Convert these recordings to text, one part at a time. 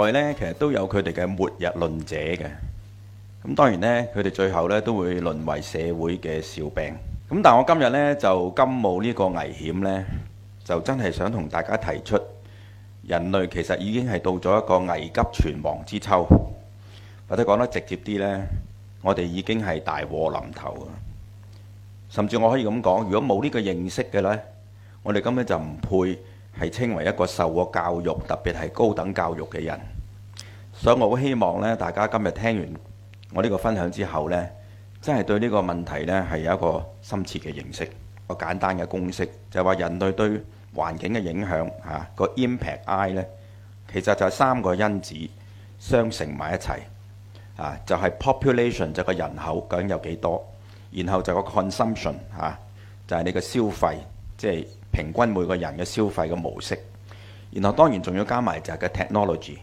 外咧，其實都有佢哋嘅末日論者嘅，咁當然呢，佢哋最後呢都會淪為社會嘅笑柄。咁但我今日呢，就甘冒呢個危險呢，就真係想同大家提出，人類其實已經係到咗一個危急存亡之秋，或者講得直接啲呢，我哋已經係大禍臨頭。甚至我可以咁講，如果冇呢個認識嘅呢，我哋根本就唔配。係稱為一個受過教育，特別係高等教育嘅人。所以，我好希望咧，大家今日聽完我呢個分享之後咧，真係對呢個問題咧係有一個深切嘅認識。一個簡單嘅公式就係話人類對環境嘅影響嚇個、啊、impact I 咧，其實就係三個因子相乘埋一齊啊，就係、是、population 就個人口究竟有幾多，然後就個 consumption 嚇、啊、就係、是、你嘅消費，即係，平均每個人嘅消費嘅模式，然後當然仲要加埋就係個 technology，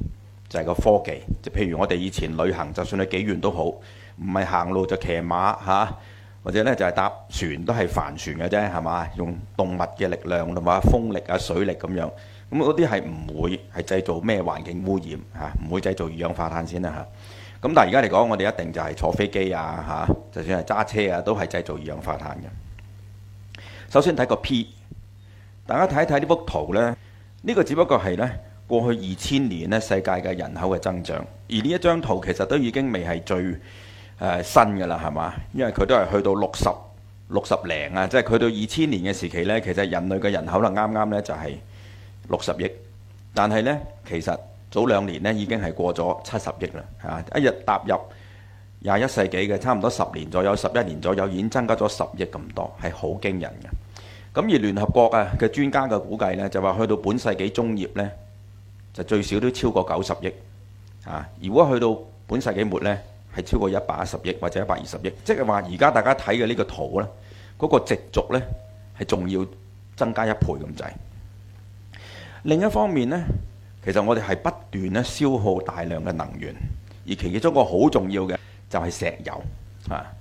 就係個科技，就譬如我哋以前旅行，就算去幾遠都好，唔係行路就騎馬嚇，或者呢就係搭船都係帆船嘅啫，係嘛？用動物嘅力量同埋風力啊、水力咁樣，咁嗰啲係唔會係製造咩環境污染嚇，唔會製造二氧化碳先啦嚇。咁但係而家嚟講，我哋一定就係坐飛機啊嚇，就算係揸車啊，都係製造二氧化碳嘅。首先睇個 P。大家睇一睇呢幅圖呢，呢個只不過係呢過去二千年呢世界嘅人口嘅增長，而呢一張圖其實都已經未係最誒新嘅啦，係嘛？因為佢都係去到六十六十零啊，即係去到二千年嘅時期呢，其實人類嘅人口啦啱啱呢，就係六十億，但係呢，其實早兩年呢已經係過咗七十億啦，係一日踏入廿一世紀嘅差唔多十年左右、十一年左右，已經增加咗十億咁多，係好驚人嘅。咁而聯合國啊嘅專家嘅估計咧，就話去到本世紀中葉咧，就最少都超過九十億啊！如果去到本世紀末咧，係超過一百一十億或者一百二十億，即係話而家大家睇嘅呢個圖咧，嗰個直續咧係仲要增加一倍咁滯。另一方面咧，其實我哋係不斷咧消耗大量嘅能源，而其中一個好重要嘅就係石油啊。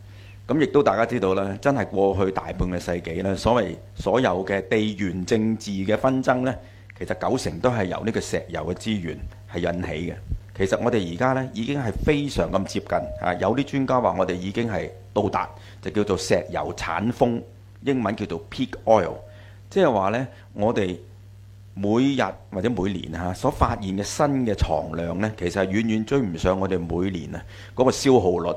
咁亦都大家知道啦，真係過去大半個世紀啦，所謂所有嘅地緣政治嘅紛爭咧，其實九成都係由呢個石油嘅資源係引起嘅。其實我哋而家咧已經係非常咁接近啊！有啲專家話我哋已經係到達就叫做石油產峯，英文叫做 peak oil，即係話咧，我哋每日或者每年嚇、啊、所發現嘅新嘅藏量咧，其實係遠遠追唔上我哋每年啊嗰、那個消耗率，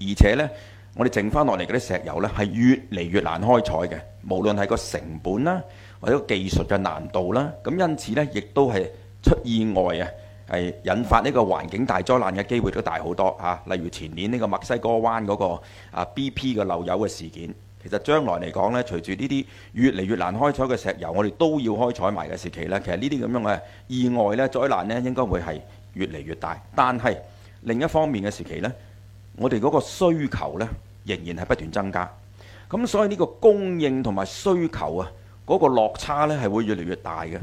而且咧。我哋剩翻落嚟嗰啲石油呢，係越嚟越難開採嘅，無論係個成本啦，或者個技術嘅難度啦，咁因此呢，亦都係出意外啊，係引發呢個環境大災難嘅機會都大好多嚇。啊，例如前年呢個墨西哥灣嗰個啊 BP 嘅漏油嘅事件，其實將來嚟講呢，隨住呢啲越嚟越難開採嘅石油，我哋都要開採埋嘅時期呢。其實呢啲咁樣嘅意外呢、災難呢，應該會係越嚟越大。但係另一方面嘅時期呢，我哋嗰個需求呢。仍然係不斷增加，咁所以呢個供應同埋需求啊，嗰個落差呢係會越嚟越大嘅。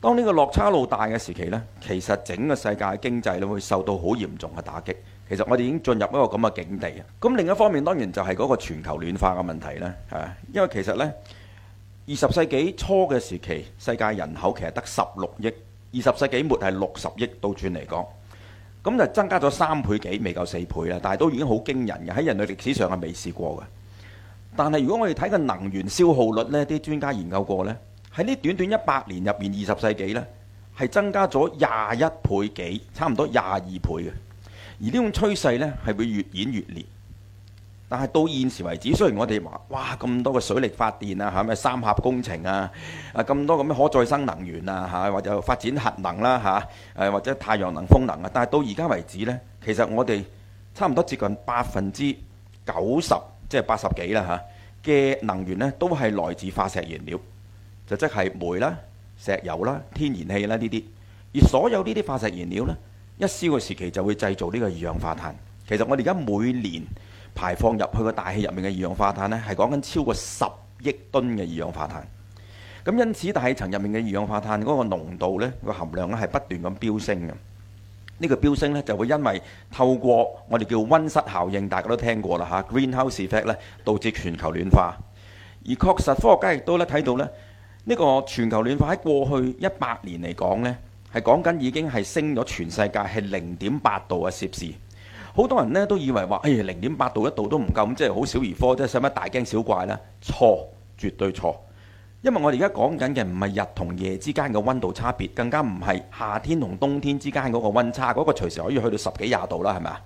當呢個落差路大嘅時期呢，其實整個世界的經濟咧會受到好嚴重嘅打擊。其實我哋已經進入了一個咁嘅境地啊。咁另一方面當然就係嗰個全球暖化嘅問題啦，嚇，因為其實呢，二十世紀初嘅時期，世界人口其實得十六億，二十世紀末係六十億，倒轉嚟講。咁就增加咗三倍幾，未夠四倍啦，但係都已經好驚人嘅，喺人類歷史上係未試過嘅。但係如果我哋睇個能源消耗率呢，啲專家研究過呢，喺呢短短一百年入面，二十世紀呢，係增加咗廿一倍幾，差唔多廿二倍嘅，而呢種趨勢呢，係會越演越烈。但係到現時為止，雖然我哋話哇咁多嘅水力發電啊，嚇咩三峽工程啊，啊咁多咁嘅可再生能源啊，嚇或者發展核能啦，嚇、啊、誒或者太陽能、風能啊，但係到而家為止呢，其實我哋差唔多接近百分之九十，即係八十幾啦嚇嘅能源呢，都係來自化石燃料，就即、是、係煤啦、石油啦、天然氣啦呢啲。而所有呢啲化石燃料呢，一燒嘅時期就會製造呢個二氧化碳。其實我哋而家每年，排放入去個大氣入面嘅二氧化碳呢，係講緊超過十億噸嘅二氧化碳。咁因此大氣層入面嘅二氧化碳嗰個濃度呢，個含量呢，係不斷咁飆升嘅。呢個飆升呢，就會因為透過我哋叫温室效應，大家都聽過啦嚇，Greenhouse Effect 呢，導致全球暖化。而確實科學家亦都咧睇到呢，呢個全球暖化喺過去一百年嚟講呢，係講緊已經係升咗全世界係零點八度嘅攝氏。好多人咧都以為話，誒零點八度一度都唔夠咁，即係好小兒科，即係使乜大驚小怪呢？錯，絕對錯！因為我哋而家講緊嘅唔係日同夜之間嘅温度差別，更加唔係夏天同冬天之間嗰個温差，嗰個隨時可以去到十幾廿度啦，係咪啊？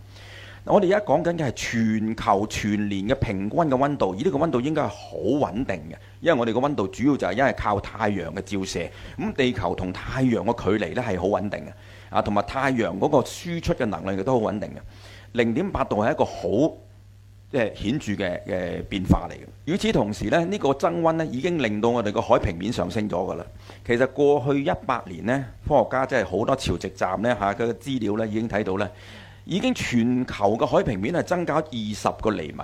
我哋而家講緊嘅係全球全年嘅平均嘅温度，而呢個温度應該係好穩定嘅，因為我哋個温度主要就係因為係靠太陽嘅照射，咁地球同太陽個距離呢係好穩定嘅，啊，同埋太陽嗰個輸出嘅能量亦都好穩定嘅。零點八度係一個好即係顯著嘅嘅變化嚟嘅。與此同時呢，呢、呢個增温咧已經令到我哋個海平面上升咗㗎啦。其實過去一百年呢，科學家即係好多潮汐站呢，嚇，佢嘅資料呢已經睇到呢，已經全球嘅海平面係增加二十個厘米。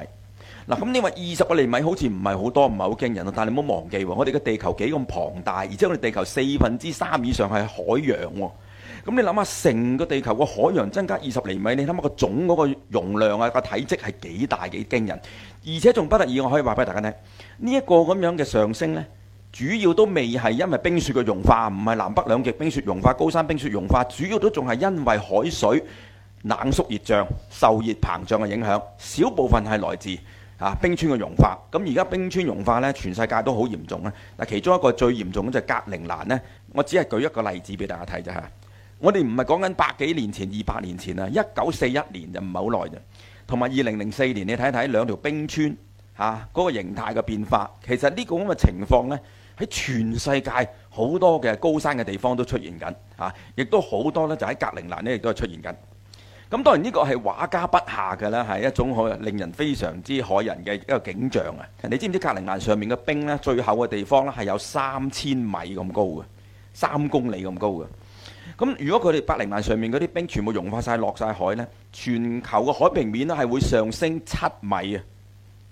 嗱、啊，咁你話二十個厘米好似唔係好多，唔係好驚人啊。但係你唔好忘記喎、哦，我哋嘅地球幾咁龐大，而且我哋地球四分之三以上係海洋喎、哦。咁你諗下，成個地球個海洋增加二十厘米，你諗下個總嗰個容量啊個體積係幾大幾驚人，而且仲不特止。我可以話俾大家聽，呢、這、一個咁樣嘅上升呢，主要都未係因為冰雪嘅融化，唔係南北兩極冰雪融化、高山冰雪融化，主要都仲係因為海水冷縮熱漲、受熱膨脹嘅影響。小部分係來自啊冰川嘅融化。咁而家冰川融化呢，全世界都好嚴重啊。嗱，其中一個最嚴重嘅就係格陵蘭呢。我只係舉一個例子俾大家睇啫嚇。我哋唔係講緊百幾年前、二百年前啊，一九四一年就唔係好耐啫。同埋二零零四年，你睇一睇兩條冰川嚇嗰、啊嗰個形態嘅變化，其實呢個咁嘅情況呢，喺全世界好多嘅高山嘅地方都出現緊嚇，亦、啊、都好多呢就喺格陵蘭呢亦都係出現緊。咁當然呢個係畫家筆下嘅啦，係一種可令人非常之駭人嘅一個景象啊！你知唔知道格陵蘭上面嘅冰呢？最厚嘅地方呢，係有三千米咁高嘅，三公里咁高嘅？咁如果佢哋格陵蘭上面嗰啲冰全部融化曬落曬海呢，全球嘅海平面呢係會上升七米啊，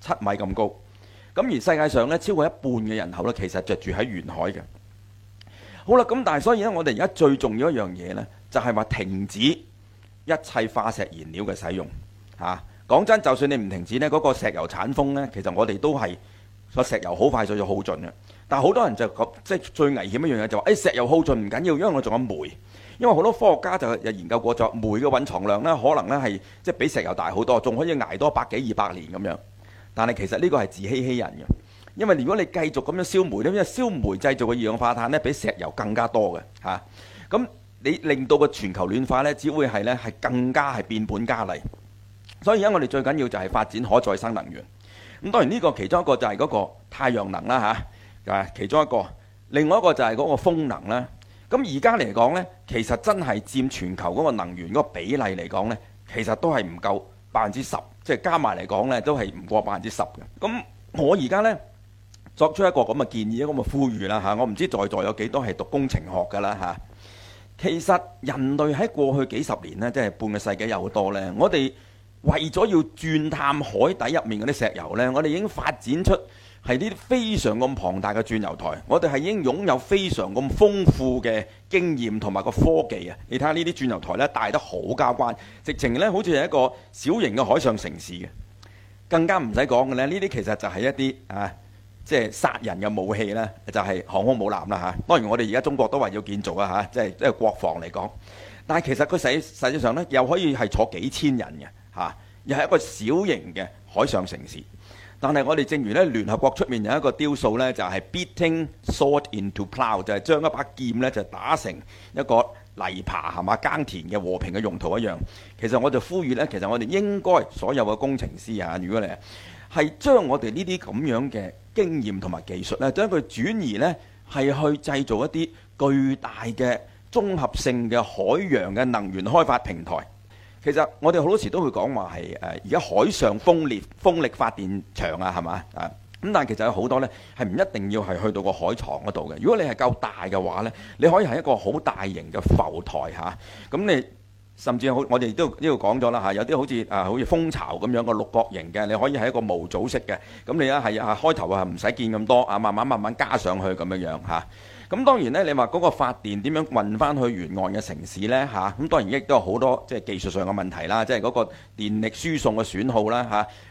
七米咁高。咁而世界上呢超過一半嘅人口呢，其實就住喺沿海嘅。好啦，咁但係所以呢，我哋而家最重要一樣嘢呢，就係話停止一切化石燃料嘅使用。嚇，講真，就算你唔停止呢嗰個石油產峰呢，其實我哋都係個石油好快就要耗盡嘅。但好多人就講，即係最危險一樣嘢就話，誒石油耗盡唔緊要，因為我仲有煤。因為好多科學家就又研究過咗煤嘅蘊藏量呢，可能呢係即係比石油大好多，仲可以捱多百幾二百年咁樣。但係其實呢個係自欺欺人嘅，因為如果你繼續咁樣燒煤呢，因為燒煤製造嘅二氧化碳呢，比石油更加多嘅嚇。咁你令到個全球暖化呢，只會係呢係更加係變本加厲。所以而家我哋最緊要就係發展可再生能源。咁當然呢個其中一個就係嗰個太陽能啦嚇。啊啊，其中一個，另外一個就係嗰個風能啦。咁而家嚟講呢，其實真係佔全球嗰個能源嗰個比例嚟講呢，其實都係唔夠百分之十，即係加埋嚟講呢，都係唔過百分之十嘅。咁我而家呢，作出一個咁嘅建議，一個咁嘅呼籲啦嚇。我唔知在座有幾多係讀工程學㗎啦嚇。其實人類喺過去幾十年呢，即係半個世紀有多呢，我哋為咗要鑽探海底入面嗰啲石油呢，我哋已經發展出。係呢啲非常咁龐大嘅鑽油台，我哋係已經擁有非常咁豐富嘅經驗同埋個科技啊！你睇下呢啲鑽油台咧，大得好交關，直情呢好似係一個小型嘅海上城市嘅，更加唔使講嘅呢，呢啲其實就係一啲啊，即係殺人嘅武器呢就係航空母艦啦嚇。當然我哋而家中國都話要建造啊嚇，即係即係國防嚟講。但係其實佢實實際上呢，又可以係坐幾千人嘅嚇，又係一個小型嘅海上城市。但係我哋正如咧聯合國出面有一個雕塑呢，就係 beating sword into plough，就係將一把劍呢，就打成一個泥壩，係嘛？耕田嘅和平嘅用途一樣。其實我就呼籲呢，其實我哋應該所有嘅工程師啊，如果你係將我哋呢啲咁樣嘅經驗同埋技術呢，將佢轉移呢，係去製造一啲巨大嘅綜合性嘅海洋嘅能源開發平台。其實我哋好多時都會講話係而家海上風力風力發電場啊，係嘛啊？咁但係其實有好多呢，係唔一定要係去到個海床嗰度嘅。如果你係夠大嘅話呢，你可以係一個好大型嘅浮台咁、啊、你甚至好，我哋都呢度講咗啦，有啲好似啊，好似蜂巢咁樣個六角形嘅，你可以係一個模組式嘅。咁你啊係啊開頭啊唔使見咁多啊，慢慢慢慢加上去咁樣、啊。咁當然咧，你話嗰個發電點樣運翻去沿岸嘅城市呢？咁、吓、當然亦都有好多即係技術上嘅問題啦，即係嗰個電力輸送嘅損耗啦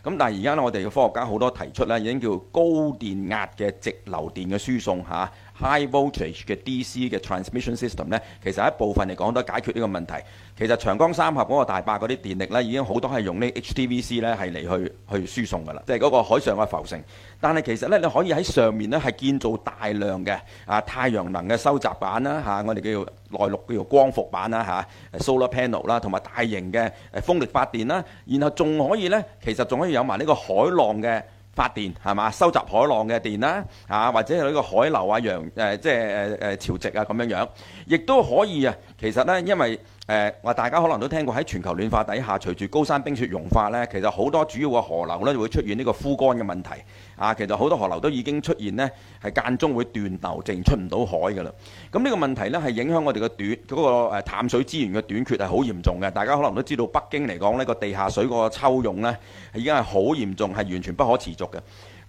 咁、吓、但係而家呢我哋嘅科學家好多提出咧，已經叫高電壓嘅直流電嘅輸送、吓 High voltage 嘅 DC 嘅 transmission system 呢，其實一部分嚟講都解決呢個問題。其實長江三峽嗰個大壩嗰啲電力呢，已經好多係用呢 HTVC 呢係嚟去去輸送㗎啦。即係嗰個海上嘅浮城，但係其實呢，你可以喺上面呢係建造大量嘅啊太陽能嘅收集板啦嚇，我哋叫做內陸叫做光伏板啦嚇，solar panel 啦，同埋大型嘅風力發電啦，然後仲可以呢，其實仲可以有埋呢個海浪嘅。發電係嘛？收集海浪嘅電啦、啊，啊或者係呢個海流啊、洋誒，即係誒誒，潮汐啊咁樣樣亦都可以啊。其實咧，因為。誒、呃，我大家可能都聽過喺全球暖化底下，隨住高山冰雪融化呢，其實好多主要嘅河流呢就會出現呢個枯乾嘅問題。啊，其實好多河流都已經出現呢，係間中會斷流，淨出唔到海㗎啦。咁呢個問題呢，係影響我哋嘅短嗰、嗰個淡水資源嘅短缺係好嚴重嘅。大家可能都知道北京嚟講呢、呢個地下水個抽用呢，係已經係好嚴重，係完全不可持續嘅。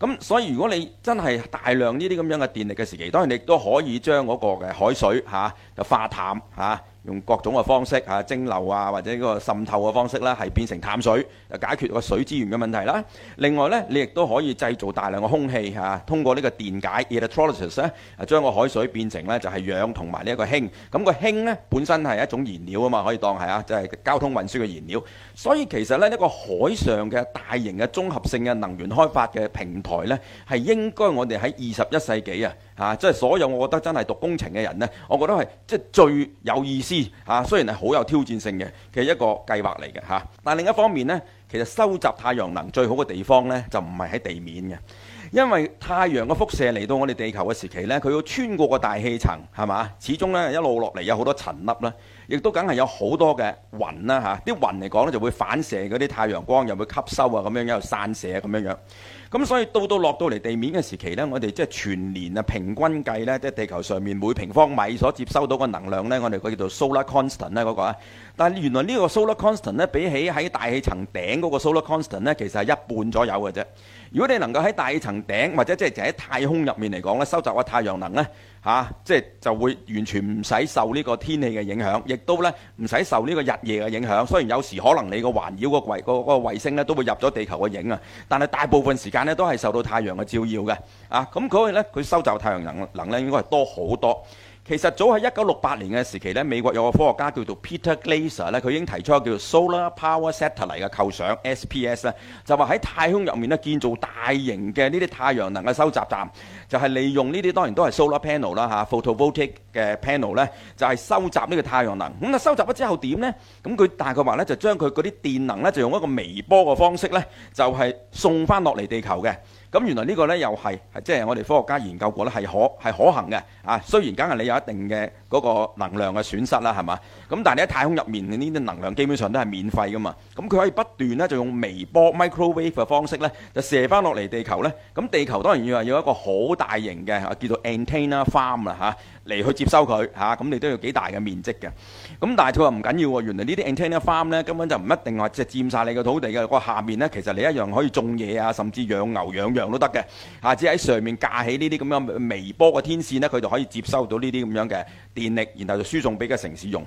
咁所以如果你真係大量呢啲咁樣嘅電力嘅時期，當然你都可以將嗰個嘅海水嚇就、啊、化淡嚇。啊用各種嘅方式嚇、啊、蒸餾啊，或者個滲透嘅方式啦，係變成淡水，解決個水資源嘅問題啦。另外呢，你亦都可以製造大量嘅空氣嚇、啊，通過呢個電解 electrolysis、啊啊、將個海水變成、就是嗯那個、呢就係氧同埋呢一個氫。咁個氫呢本身係一種燃料啊嘛，可以當係啊，即、就、係、是、交通運輸嘅燃料。所以其實呢，一、這個海上嘅大型嘅綜合性嘅能源開發嘅平台呢，係應該我哋喺二十一世紀啊嚇，即、就、係、是、所有我覺得真係讀工程嘅人呢，我覺得係即係最有意思。啊，雖然係好有挑戰性嘅，其實係一個計劃嚟嘅嚇。但另一方面呢，其實收集太陽能最好嘅地方呢，就唔係喺地面嘅，因為太陽嘅輻射嚟到我哋地球嘅時期呢，佢要穿過個大氣層，係嘛？始終呢，一路落嚟有好多塵粒啦，亦都梗係有好多嘅雲啦嚇。啲、啊、雲嚟講呢，就會反射嗰啲太陽光，又會吸收啊咁樣，又散射咁樣樣。咁所以到到落到嚟地面嘅時期咧，我哋即係全年啊平均計咧，即係地球上面每平方米所接收到嘅能量咧，我哋個叫做 Solar Constant 咧嗰個啊。但係原來呢個 Solar Constant 咧，比起喺大氣層頂嗰個 Solar Constant 咧，其實係一半左右嘅啫。如果你能夠喺大氣層頂或者即係就喺太空入面嚟講咧，收集個太陽能咧，嚇即係就會完全唔使受呢個天氣嘅影響，亦都咧唔使受呢個日夜嘅影響。雖然有時可能你個環繞個衛個個衛星咧都會入咗地球嘅影啊，但係大部分時間。咧都係受到太陽嘅照耀嘅，啊，咁佢咧，佢收集太陽能能咧，應該係多好多。其實早喺一九六八年嘅時期咧，美國有個科學家叫做 Peter Glaser 咧，佢已經提出叫做 Solar Power Satellite 嘅構想 SPS 咧，就話喺太空入面咧，建造大型嘅呢啲太陽能嘅收集站，就係利用呢啲當然都係 solar panel 啦吓 photovoltaic 嘅 panel 咧，就係收集呢個太陽能。咁啊收集咗之後點呢？咁佢大概話咧就將佢嗰啲電能咧就用一個微波嘅方式咧，就係送翻落嚟地球嘅。咁原來呢個呢，又係，即係我哋科學家研究過呢係可係可行嘅，啊，雖然梗係你有一定嘅，嗰、那個能量嘅損失啦，係嘛？咁但係你喺太空入面，呢啲能量基本上都係免費㗎嘛。咁佢可以不斷咧，就用微波 （microwave） 嘅方式咧，就射翻落嚟地球咧。咁地球當然要有要一個好大型嘅叫做 Antenna Farm 啦、啊，嚟去接收佢咁、啊、你都要有幾大嘅面積嘅。咁但係佢話唔緊要喎，原來呢啲 Antenna Farm 咧根本就唔一定話即係佔晒你嘅土地嘅。個下面咧其實你一樣可以種嘢啊，甚至養牛養羊都得嘅。嚇、啊，只喺上面架起呢啲咁樣微波嘅天線咧，佢就可以接收到呢啲咁樣嘅電力，然後就輸送俾個城市用。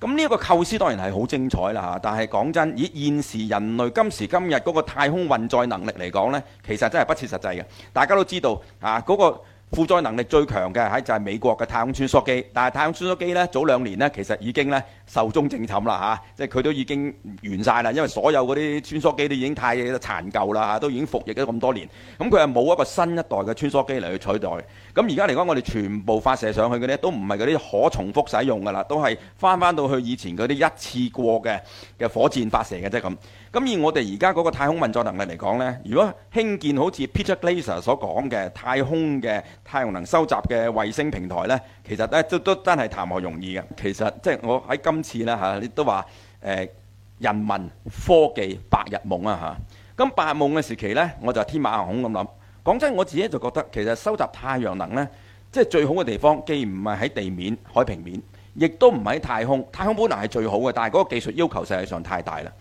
咁呢一個構思當然係好精彩啦嚇，但係講真，以現時人類今時今日嗰個太空運載能力嚟講，呢其實真係不切實際嘅。大家都知道啊，嗰個負載能力最強嘅喺就係美國嘅太空穿梭機，但係太空穿梭機呢，早兩年呢，其實已經呢。壽終正寢啦、啊、即係佢都已經完晒啦，因為所有嗰啲穿梭機都已經太殘舊啦，都已經服役咗咁多年。咁佢係冇一個新一代嘅穿梭機嚟去取代。咁而家嚟講，我哋全部發射上去嘅呢，都唔係嗰啲可重複使用噶啦，都係翻翻到去以前嗰啲一次過嘅嘅火箭發射嘅啫咁。咁以我哋而家嗰個太空運作能力嚟講呢，如果興建好似 Peter Glaser 所講嘅太空嘅太陽能收集嘅衛星平台呢，其實呢都都真係談何容易嘅。其實即係我喺今今次啦嚇、啊，你都話誒、欸、人民科技白日夢啊嚇！咁白日夢嘅時期呢，我就天馬行空咁諗。講真，我自己就覺得其實收集太陽能呢，即係最好嘅地方，既唔係喺地面海平面，亦都唔係喺太空。太空本來係最好嘅，但係嗰個技術要求實際上太大啦。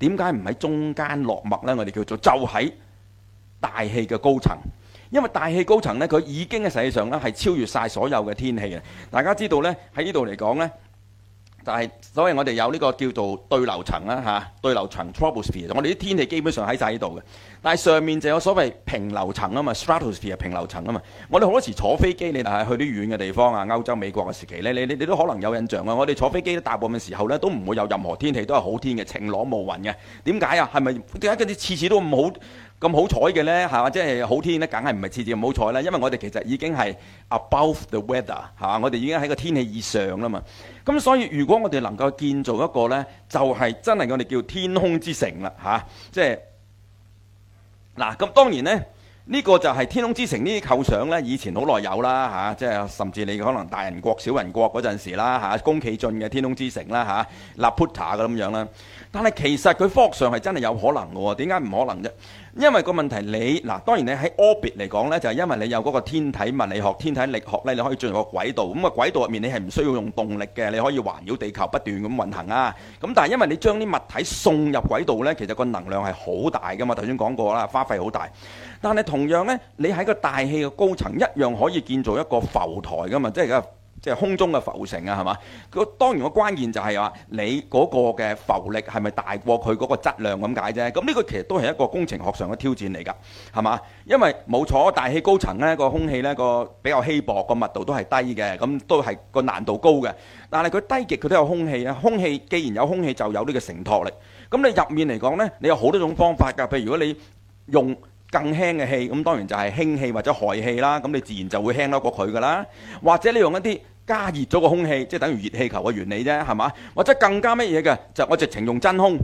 點解唔喺中間落墨呢？我哋叫做就喺大氣嘅高層，因為大氣高層呢，佢已經喺實際上咧係超越晒所有嘅天氣啊！大家知道呢，喺呢度嚟講呢。就係，所以我哋有呢個叫做對流層啦，嚇、啊、對流層 troposphere。我哋啲天氣基本上喺晒呢度嘅，但係上面就有所謂平流層啊嘛，stratosphere 係平流層啊嘛。我哋好多時坐飛機，你嗱去啲遠嘅地方啊，歐洲、美國嘅時期咧，你你你都可能有印象啊。我哋坐飛機大部分時候咧都唔會有任何天氣，都係好天嘅晴朗無雲嘅。點解啊？係咪點解啲次次都唔好？咁好彩嘅呢，係、啊、嘛？即、就、係、是、好天咧，梗係唔係次次咁好彩啦。因為我哋其實已經係 above the weather，係、啊、我哋已經喺個天氣以上啦嘛。咁所以如果我哋能夠建造一個呢，就係、是、真係我哋叫天空之城啦，嚇、啊，即係嗱。咁、啊、當然呢，呢、這個就係天空之城呢啲構想呢，以前好耐有啦，嚇、啊。即係甚至你可能大人國、小人國嗰陣時啦，嚇、啊。宮崎駿嘅天空之城啦，嚇、啊。Laputa 嘅咁樣啦。但係其實佢科學上係真係有可能嘅喎，點解唔可能啫？因為個問題你嗱，當然你喺 orbit 嚟講呢，就係因為你有嗰個天體物理學、天體力學呢你可以進入個軌道，咁個軌道入面你係唔需要用動力嘅，你可以環繞地球不斷咁運行啊。咁但係因為你將啲物體送入軌道呢，其實個能量係好大㗎嘛，頭先講過啦，花費好大。但係同樣呢，你喺個大氣嘅高層一樣可以建造一個浮台㗎嘛，即係一即係空中嘅浮城啊，係嘛？個當然個關鍵就係話你嗰個嘅浮力係咪大過佢嗰個質量咁解啫？咁呢個其實都係一個工程學上嘅挑戰嚟㗎，係嘛？因為冇錯，大氣高層呢個空氣呢個比較稀薄，個密度都係低嘅，咁都係個難度高嘅。但係佢低極佢都有空氣啊！空氣既然有空氣，就有呢個承托力。咁你入面嚟講呢，你有好多種方法㗎。譬如如果你用更輕嘅氣，咁當然就係氫氣或者氦氣啦。咁你自然就會輕得過佢噶啦。或者你用一啲加熱咗個空氣，即係等於熱氣球嘅原理啫，係嘛？或者更加乜嘢嘅，就、我直情用真空，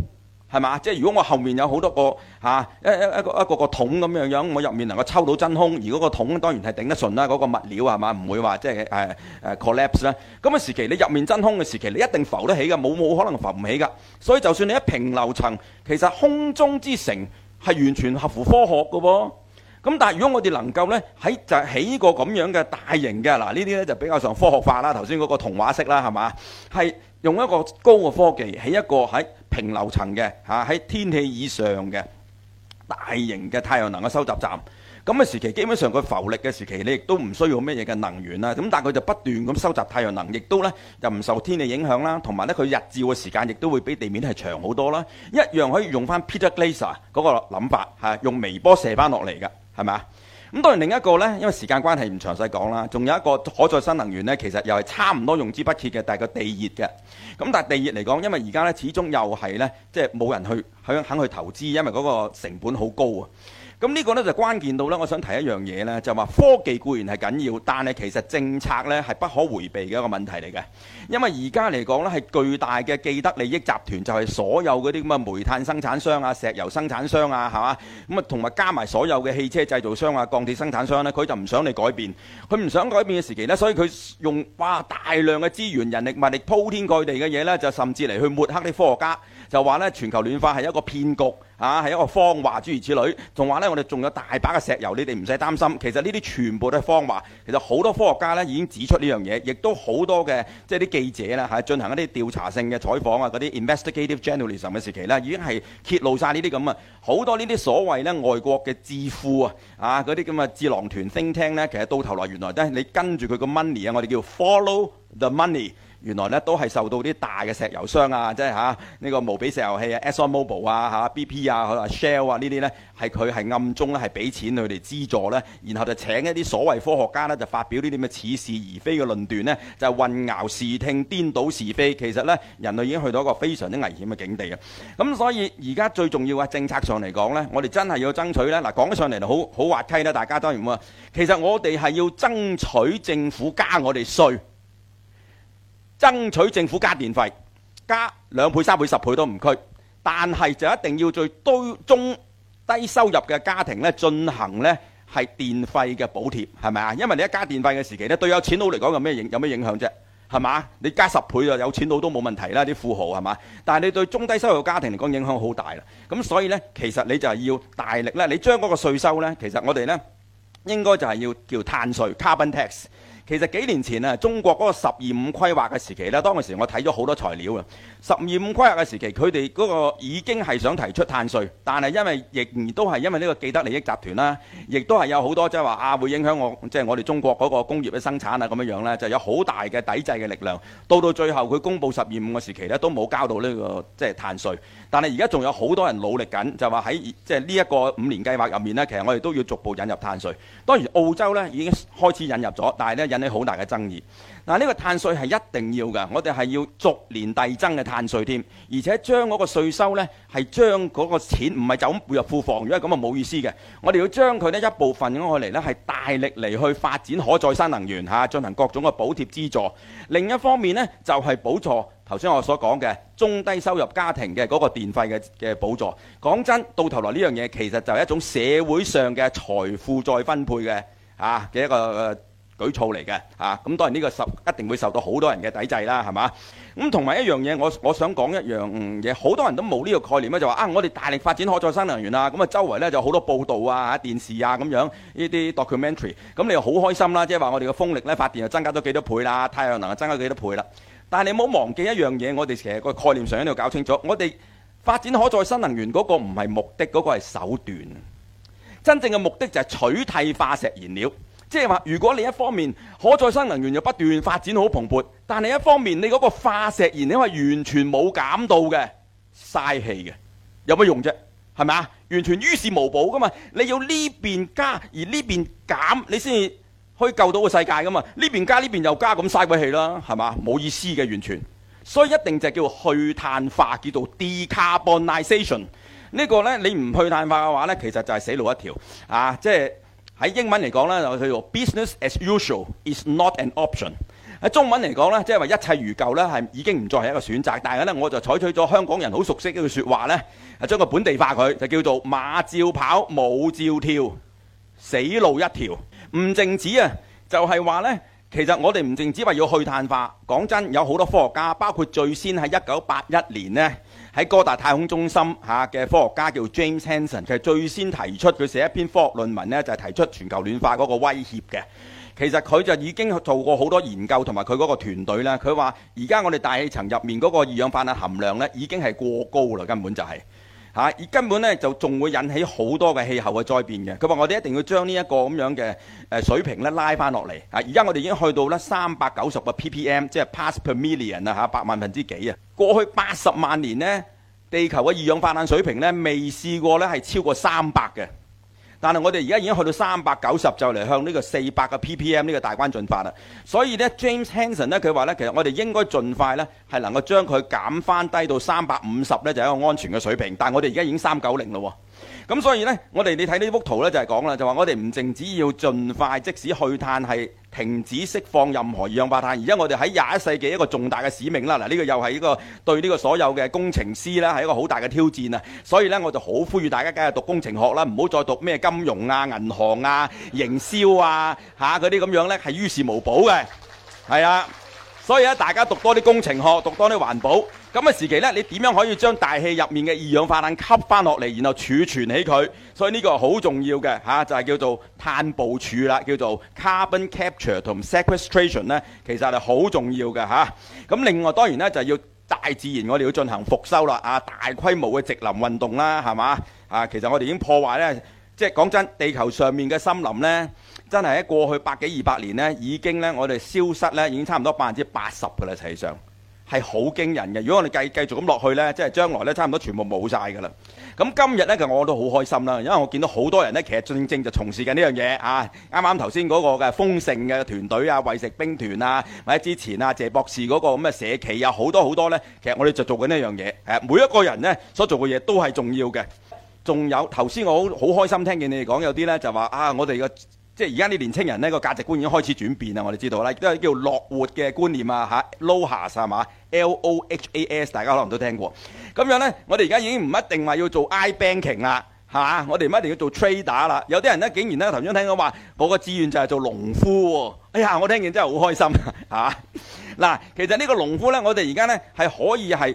係嘛？即係如果我後面有好多個嚇一、啊、一個一個一個桶咁樣樣，我入面能夠抽到真空，而嗰個桶當然係頂得順啦。嗰、嗰個物料係嘛，唔會話即係誒誒 collapse 啦。咁嘅時期你入面真空嘅時期，你一定浮得起嘅，冇冇可能浮唔起噶。所以就算你一平流層，其實空中之城。係完全合乎科學嘅喎，咁但係如果我哋能夠咧喺就起個咁樣嘅大型嘅，嗱呢啲呢就比較上科學化啦。頭先嗰個童話式啦，係嘛？係用一個高嘅科技起一個喺平流層嘅嚇喺天氣以上嘅大型嘅太陽能嘅收集站。咁嘅時期，基本上佢浮力嘅時期，你亦都唔需要咩嘢嘅能源啦。咁但係佢就不斷咁收集太陽能，亦都呢又唔受天氣影響啦。同埋呢，佢日照嘅時間亦都會比地面係長好多啦。一樣可以用翻 Peter Glaser 嗰個諗法，係用微波射翻落嚟㗎，係咪啊？咁當然另一個呢，因為時間關係唔詳細講啦。仲有一個可再生能源呢，其實又係差唔多用之不竭嘅，但係個地熱嘅。咁但係地熱嚟講，因為而家呢，始終又係呢，即係冇人去肯肯去投資，因為嗰個成本好高啊。咁呢個呢，就關鍵到呢。我想提一樣嘢呢，就話科技固然係緊要，但係其實政策呢係不可迴避嘅一個問題嚟嘅。因為而家嚟講呢係巨大嘅既得利益集團，就係所有嗰啲咁嘅煤炭生產商啊、石油生產商啊，係嘛？咁啊，同埋加埋所有嘅汽車製造商啊、鋼鐵生產商呢，佢就唔想你改變，佢唔想改變嘅時期呢，所以佢用哇大量嘅資源、人力、物力鋪天蓋地嘅嘢呢，就甚至嚟去抹黑啲科學家。就話咧，全球暖化係一個騙局，啊係一個謊話，諸如此類。同話咧，我哋仲有大把嘅石油，你哋唔使擔心。其實呢啲全部都係謊話。其實好多科學家咧已經指出呢樣嘢，亦都好多嘅即係啲記者啦嚇進行一啲調查性嘅採訪啊，嗰啲 investigative journalism 嘅時期咧已經係揭露曬呢啲咁啊。好多呢啲所謂咧外國嘅智庫啊，啊嗰啲咁嘅智囊團 think tank 咧，其實到頭來原來都係你跟住佢個 money 啊，我哋叫 follow the money。原來咧都係受到啲大嘅石油商啊，即係呢、啊這個無比石油器啊、ExxonMobil 啊，啊、BP 啊、Shell 啊呢啲呢，係佢係暗中咧係俾錢佢哋資助呢。然後就請一啲所謂科學家呢，就發表呢啲咁嘅似是而非嘅論斷呢，就係、混淆視聽、顛倒是非。其實呢，人類已經去到一個非常之危險嘅境地啊！咁所以而家最重要啊，政策上嚟講呢，我哋真係要爭取呢。嗱講起上嚟就好好滑稽啦，大家當然唔啊。其實我哋係要爭取政府加我哋稅。爭取政府加電費，加兩倍、三倍、十倍都唔拘，但係就一定要對中低收入嘅家庭咧進行呢係電費嘅補貼，係咪啊？因為你一加電費嘅時期咧，對有錢佬嚟講有咩影有咩影響啫？係嘛？你加十倍啊，有錢佬都冇問題啦，啲富豪係嘛？但係你對中低收入嘅家庭嚟講影響好大啦。咁所以呢，其實你就係要大力呢，你將嗰個稅收呢，其實我哋呢應該就係要叫碳稅 （carbon tax）。其實幾年前啊，中國嗰個十二五規劃嘅時期呢，當嗰時我睇咗好多材料啊。十二五規劃嘅時期，佢哋嗰個已經係想提出碳稅，但係因為亦都係因為呢個既得利益集團啦，亦都係有好多即係話啊，會影響我即係、就是、我哋中國嗰個工業嘅生產啊咁樣樣呢，就是、有好大嘅抵制嘅力量。到到最後，佢公佈十二五嘅時期呢，都冇交到呢、這個即係、就是、碳稅。但係而家仲有好多人努力緊，就話喺即係呢一個五年計劃入面呢，其實我哋都要逐步引入碳稅。當然澳洲呢，已經開始引入咗，但係呢啲好大嘅爭議，嗱、啊、呢、呢個碳稅係一定要嘅，我哋係要逐年遞增嘅碳稅添，而且將嗰個稅收呢，係將嗰個錢唔係就咁撥入庫房，如果係咁啊，冇意思嘅。我哋要將佢呢一部分用落嚟呢，係大力嚟去發展可再生能源嚇、啊，進行各種嘅補貼資助。另一方面呢，就係、係、補助頭先我所講嘅中低收入家庭嘅嗰個電費嘅嘅補助。講真，到頭來呢樣嘢其實就係一種社會上嘅財富再分配嘅嚇嘅一個。呃舉措嚟嘅，嚇、啊、咁當然呢個受一定會受到好多人嘅抵制啦，係嘛？咁同埋一樣嘢，我我想講一樣嘢，好多人都冇呢個概念啦，就話啊，我哋大力發展可再生能源啦，咁啊，周圍呢就好多報道啊，啊、電視啊咁樣呢啲 documentary，咁、啊、你又好開心啦，即係話我哋嘅風力呢發電又增加咗幾多倍啦，太陽能又增加幾多倍啦。但係你冇忘記一樣嘢，我哋其實個概念上喺度搞清楚，我哋發展可再生能源嗰個唔係目的，嗰、那個係手段。真正嘅目的就係取替化石燃料。即係話，如果你一方面可再生能源又不斷發展好蓬勃，但係一方面你嗰個化石燃料係完全冇減到嘅，嘥氣嘅，有乜用啫？係咪啊？完全於事無補噶嘛！你要呢邊加而呢邊減，你先至可以救到個世界噶嘛？呢邊加呢邊又加咁嘥鬼氣啦，係嘛？冇意思嘅，完全。所以一定就叫去碳化，叫做 decarbonization。呢個呢，你唔去碳化嘅話呢，其實就係死路一條啊！即係喺英文嚟講呢就叫做 business as usual is not an option。喺中文嚟講呢即係話一切如舊呢係已經唔再係一個選擇。但係呢，我就採取咗香港人好熟悉一句説話呢將個本地化佢就叫做馬照跑，舞照跳，死路一條。唔淨止啊，就係話呢，其實我哋唔淨止話要去碳化。講真有好多科學家，包括最先喺一九八一年呢。喺哥達太空中心吓嘅科學家叫 James Hansen，佢最先提出佢寫一篇科學論文呢，就係提出全球暖化嗰個威脅嘅。其實佢就已經做過好多研究，同埋佢嗰個團隊啦。佢話：而家我哋大氣層入面嗰個二氧化碳含量呢，已經係過高啦，根本就係。嚇！而根本咧就仲會引起好多嘅氣候嘅災變嘅。佢話我哋一定要將呢一個咁樣嘅誒水平咧拉翻落嚟。嚇！而家我哋已經去到咧三百九十個 ppm，即係 parts per million 啦嚇，百萬分之幾啊！過去八十萬年呢，地球嘅二氧化碳水平咧未試過咧係超過三百嘅。但係我哋而家已經去到三百九十，就嚟向呢個四百個 ppm 呢個大關進發啦。所以呢，James Hansen 呢，佢話呢，其實我哋應該盡快呢，係能夠將佢減返低到三百五十呢，就係一個安全嘅水平。但係我哋而家已經三九零喇喎。咁所以呢，我哋你睇呢幅圖呢，就係講啦，就話我哋唔淨止要盡快，即使去碳係停止釋放任何二氧化碳，而家我哋喺廿一世紀一個重大嘅使命啦。嗱，呢個又係呢個對呢個所有嘅工程師呢，係一個好大嘅挑戰啊！所以呢，我就好呼籲大家梗係讀工程學啦，唔好再讀咩金融啊、銀行啊、營銷啊嗰啲咁樣呢，係於事無補嘅，係啊！啊所以咧，大家讀多啲工程學，讀多啲環保。咁嘅時期呢，你點樣可以將大氣入面嘅二氧化碳吸翻落嚟，然後儲存起佢？所以呢個好重要嘅、啊、就係、是、叫做碳捕儲啦，叫做 carbon capture 同 sequestration 呢，其實係好重要嘅嚇。咁、啊、另外當然呢，就要大自然我哋要進行復修啦，啊，大規模嘅植林運動啦，係嘛啊？其實我哋已經破壞呢，即係講真，地球上面嘅森林呢。真係喺過去百幾二百年呢，已經呢，我哋消失呢，已經差唔多百分之八十㗎啦，實際上係好驚人嘅。如果我哋繼繼續咁落去呢，即係將來呢，差唔多全部冇晒㗎啦。咁今日呢，其實我都好開心啦，因為我見到好多人呢，其實正正就從事緊呢樣嘢啊。啱啱頭先嗰個嘅豐盛嘅團隊啊，餵食兵團啊，或者之前啊，謝博士嗰個咁嘅社企，啊，好多好多呢。其實我哋就做緊呢樣嘢。每一個人呢，所做嘅嘢都係重要嘅。仲有頭先我好好開心，聽見你哋講有啲呢，就話啊，我哋嘅。即係而家啲年青人，咧，個價值觀已經開始轉變啦，我哋知道啦，都係叫樂活嘅觀念啊嚇，lohas 係嘛，l o h a s，大家可能都聽過。咁樣咧，我哋而家已經唔一定話要做 i banking 啦，係嘛，我哋唔一定要做 trader 啦。有啲人咧竟然咧頭先聽到話，我個志願就係做農夫喎、哦。哎呀，我聽見真係好開心嚇。嗱、啊，其實這個農呢個農夫咧，我哋而家咧係可以係。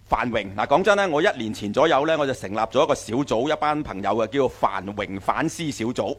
繁榮嗱，講真咧，我一年前左右呢，我就成立咗一個小組，一班朋友嘅，叫做繁榮反思小組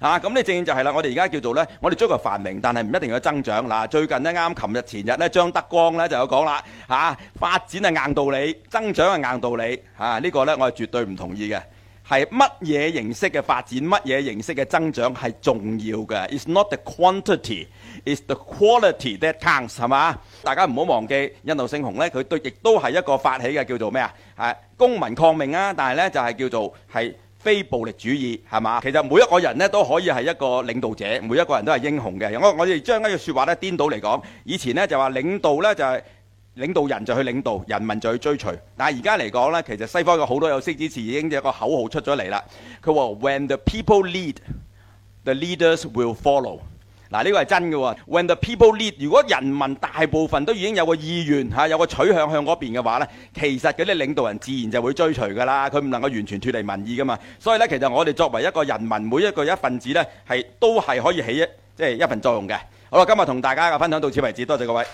啊。咁呢正就係啦，我哋而家叫做呢，我哋追求繁榮，但係唔一定要增長。嗱、啊，最近呢，啱啱琴日前日呢，張德光呢就有講啦，嚇、啊、發展係硬道理，增長係硬道理，呢、啊，呢個呢，我係絕對唔同意嘅。係乜嘢形式嘅發展，乜嘢形式嘅增長係重要嘅。It's not the quantity, it's the quality that counts，係嘛？大家唔好忘記印度聖雄呢，佢對亦都係一個發起嘅叫做咩啊？公民抗命啊！但係呢就係、是、叫做係非暴力主義，係嘛？其實每一個人呢都可以係一個領導者，每一個人都係英雄嘅。我我哋將呢句說話咧顛倒嚟講，以前呢就話領導呢就係、是。領導人就去領導，人民就去追隨。但係而家嚟講呢，其實西方嘅好多有識之士已經有一個口號出咗嚟啦。佢話：When the people lead, the leaders will follow、啊。嗱呢個係真嘅、哦。When the people lead，如果人民大部分都已經有個意願、啊、有個取向向嗰邊嘅話呢，其實嗰啲領導人自然就會追隨㗎啦。佢唔能夠完全脫離民意㗎嘛。所以呢，其實我哋作為一個人民每一個一份子呢，係都係可以起一即係、就是、一份作用嘅。好啦，今日同大家嘅分享到此為止，多謝各位。